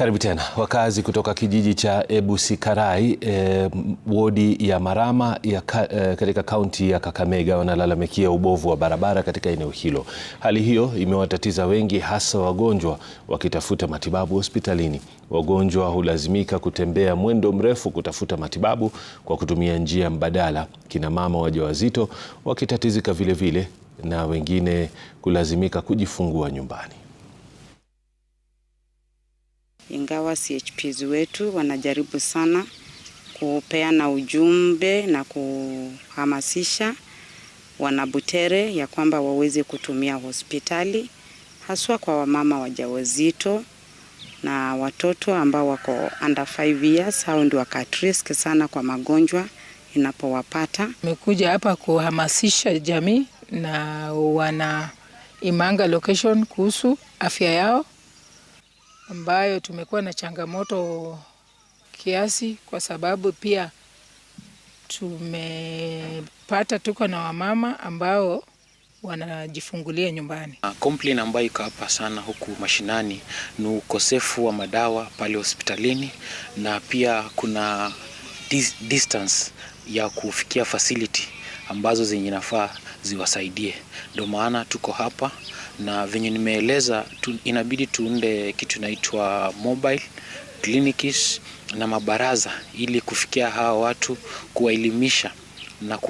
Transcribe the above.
Karibu tena. Wakazi kutoka kijiji cha Ebusikarai e, wodi ya Marama ya ka, e, katika kaunti ya Kakamega wanalalamikia ubovu wa barabara katika eneo hilo. Hali hiyo imewatatiza wengi, hasa wagonjwa wakitafuta matibabu hospitalini. Wagonjwa hulazimika kutembea mwendo mrefu kutafuta matibabu kwa kutumia njia mbadala, kina mama wajawazito wakitatizika vilevile, na wengine kulazimika kujifungua nyumbani ingawa CHPs wetu wanajaribu sana kupeana ujumbe na kuhamasisha wanabutere ya kwamba waweze kutumia hospitali haswa kwa wamama wajawazito na watoto ambao wako under 5 years. Hao ndio wako at risk sana kwa magonjwa inapowapata. Nimekuja hapa kuhamasisha jamii na wana Imanga location kuhusu afya yao ambayo tumekuwa na changamoto kiasi, kwa sababu pia tumepata tuko na wamama ambao wanajifungulia nyumbani. Ah, complain ambayo iko hapa sana huku mashinani ni ukosefu wa madawa pale hospitalini, na pia kuna distance ya kufikia facility ambazo zenye nafaa ziwasaidie. Ndio maana tuko hapa na venye nimeeleza tu, inabidi tuunde kitu inaitwa mobile clinics na mabaraza ili kufikia hawa watu kuwaelimisha na kuwa